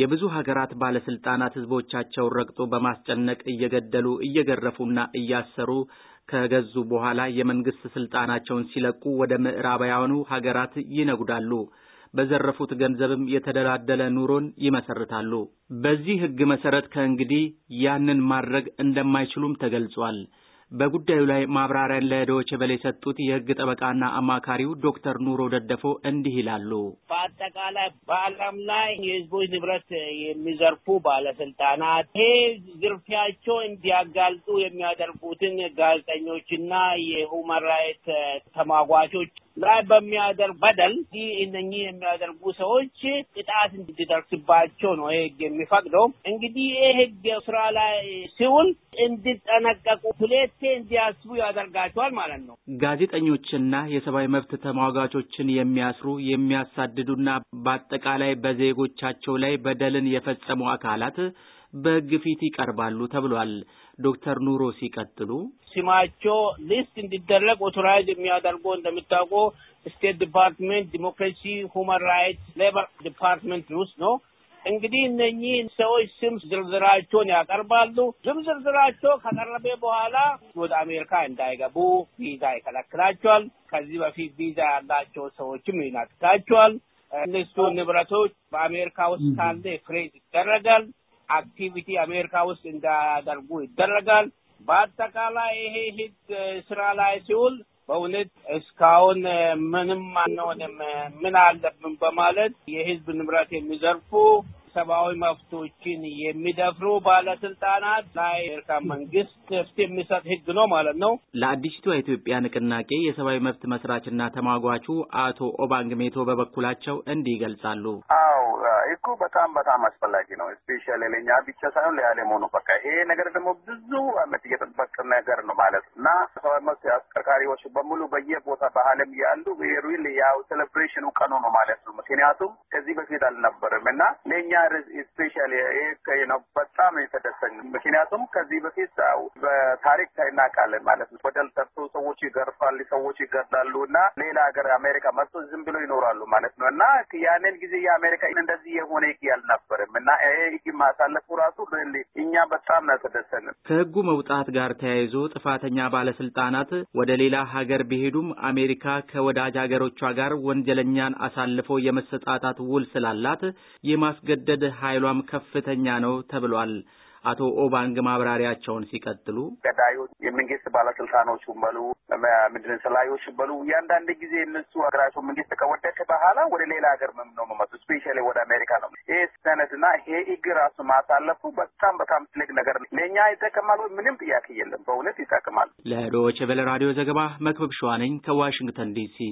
የብዙ ሀገራት ባለስልጣናት ህዝቦቻቸውን ረግጦ በማስጨነቅ እየገደሉ እየገረፉና እያሰሩ ከገዙ በኋላ የመንግስት ስልጣናቸውን ሲለቁ ወደ ምዕራባውያኑ ሀገራት ይነጉዳሉ። በዘረፉት ገንዘብም የተደላደለ ኑሮን ይመሰርታሉ። በዚህ ህግ መሰረት ከእንግዲህ ያንን ማድረግ እንደማይችሉም ተገልጿል። በጉዳዩ ላይ ማብራሪያን ለዶይቼ ቬለ የሰጡት የህግ ጠበቃና አማካሪው ዶክተር ኑሮ ደደፎ እንዲህ ይላሉ። በአጠቃላይ በዓለም ላይ የህዝቦች ንብረት የሚዘርፉ ባለስልጣናት ይሄ ዝርፊያቸው እንዲያጋልጡ የሚያደርጉትን ጋዜጠኞችና የሁመን ራይት ተሟጓቾች ላይ በሚያደርግ በደል እነኚህ የሚያደርጉ ሰዎች ቅጣት እንዲደርስባቸው ነው ይህ ህግ የሚፈቅደው። እንግዲህ ይህ ህግ ስራ ላይ ሲውል እንዲጠነቀቁ ሁሌቴ እንዲያስቡ ያደርጋቸዋል ማለት ነው። ጋዜጠኞችና የሰብአዊ መብት ተሟጋቾችን የሚያስሩ የሚያሳድዱና በአጠቃላይ በዜጎቻቸው ላይ በደልን የፈጸሙ አካላት በሕግ ፊት ይቀርባሉ ተብሏል። ዶክተር ኑሮ ሲቀጥሉ ስማቸው ሊስት እንዲደረግ ኦቶራይዝ የሚያደርጉ እንደምታውቁ ስቴት ዲፓርትመንት ዲሞክራሲ፣ ሁማን ራይትስ፣ ሌበር ዲፓርትመንት ውስጥ ነው። እንግዲህ እነኚህ ሰዎች ስም ዝርዝራቸውን ያቀርባሉ። ስም ዝርዝራቸው ከቀረበ በኋላ ወደ አሜሪካ እንዳይገቡ ቪዛ ይከለክላቸዋል። ከዚህ በፊት ቪዛ ያላቸው ሰዎችም ይናጥቃቸዋል። እነሱ ንብረቶች በአሜሪካ ውስጥ ካለ ፍሬዝ ይደረጋል። አክቲቪቲ አሜሪካ ውስጥ እንዳያደርጉ ይደረጋል። በአጠቃላይ ይሄ ህግ ስራ ላይ ሲውል በእውነት እስካሁን ምንም አንሆንም ምን አለብን በማለት የህዝብ ንብረት የሚዘርፉ ሰብአዊ መብቶችን የሚደፍሩ ባለስልጣናት ላይ የኤርትራን መንግስት ፍት የሚሰጥ ህግ ነው ማለት ነው። ለአዲስቷ የኢትዮጵያ ንቅናቄ የሰብአዊ መብት መስራችና ተሟጓቹ አቶ ኦባንግ ሜቶ በበኩላቸው እንዲህ ይገልጻሉ። አዎ ህጉ በጣም በጣም አስፈላጊ ነው። ስፔሻሊ ለኛ ብቻ ሳይሆን ለዓለሙ ነው። በቃ ይሄ ነገር ደግሞ ብዙ አመት እየጠበቅ ነገር ነው ማለት እና ሰብአዊ መብት አስከርካሪዎች በሙሉ በየቦታ በዓለም ያሉ ሪል ያው ሴሌብሬሽኑ ቀኑ ነው ማለት ነው። ምክንያቱም ከዚህ በፊት አልነበርም እና ለእኛ ስፔሻሊ ይህ ነው በጣም የተደሰኝ። ምክንያቱም ከዚህ በፊት በታሪክ እናውቃለን ማለት ነው። ወደል ጠርቶ ሰዎች ይገርፋል፣ ሰዎች ይገድላሉ እና ሌላ ሀገር አሜሪካ መጥቶ ዝም ብሎ ይኖራሉ ማለት ነው እና ያንን ጊዜ የአሜሪካ እንደዚህ የሆነ ህግ አልነበርም እና ይሄ ህግ ማሳለፉ ራሱ እኛ በጣም ነው የተደሰንም። ከህጉ መውጣት ጋር ተያይዞ ጥፋተኛ ባለስልጣናት ወደ ሌላ ሀገር ቢሄዱም አሜሪካ ከወዳጅ ሀገሮቿ ጋር ወንጀለኛን አሳልፎ የመሰጣጣት ውል ስላላት የማስገደ የመሰደድ ኃይሏም ከፍተኛ ነው ተብሏል። አቶ ኦባንግ ማብራሪያቸውን ሲቀጥሉ ገዳዮች የመንግስት ባለስልጣኖች በሉ ምድን ሰላዮች በሉ እያንዳንድ ጊዜ እነሱ ሀገራቸው መንግስት ከወደቀ በኋላ ወደ ሌላ ሀገር ምም ነው መመጡ ስፔሻ ወደ አሜሪካ ነው። ይሄ ሰነት እና ይሄ ህግ ራሱ ማሳለፉ በጣም በጣም ትልቅ ነገር ነው። ለእኛ ይጠቅማል። ምንም ጥያቄ የለም። በእውነት ይጠቅማል። ለዶይቼ ቬለ ራዲዮ ዘገባ መክበብ ሸዋነኝ ከዋሽንግተን ዲሲ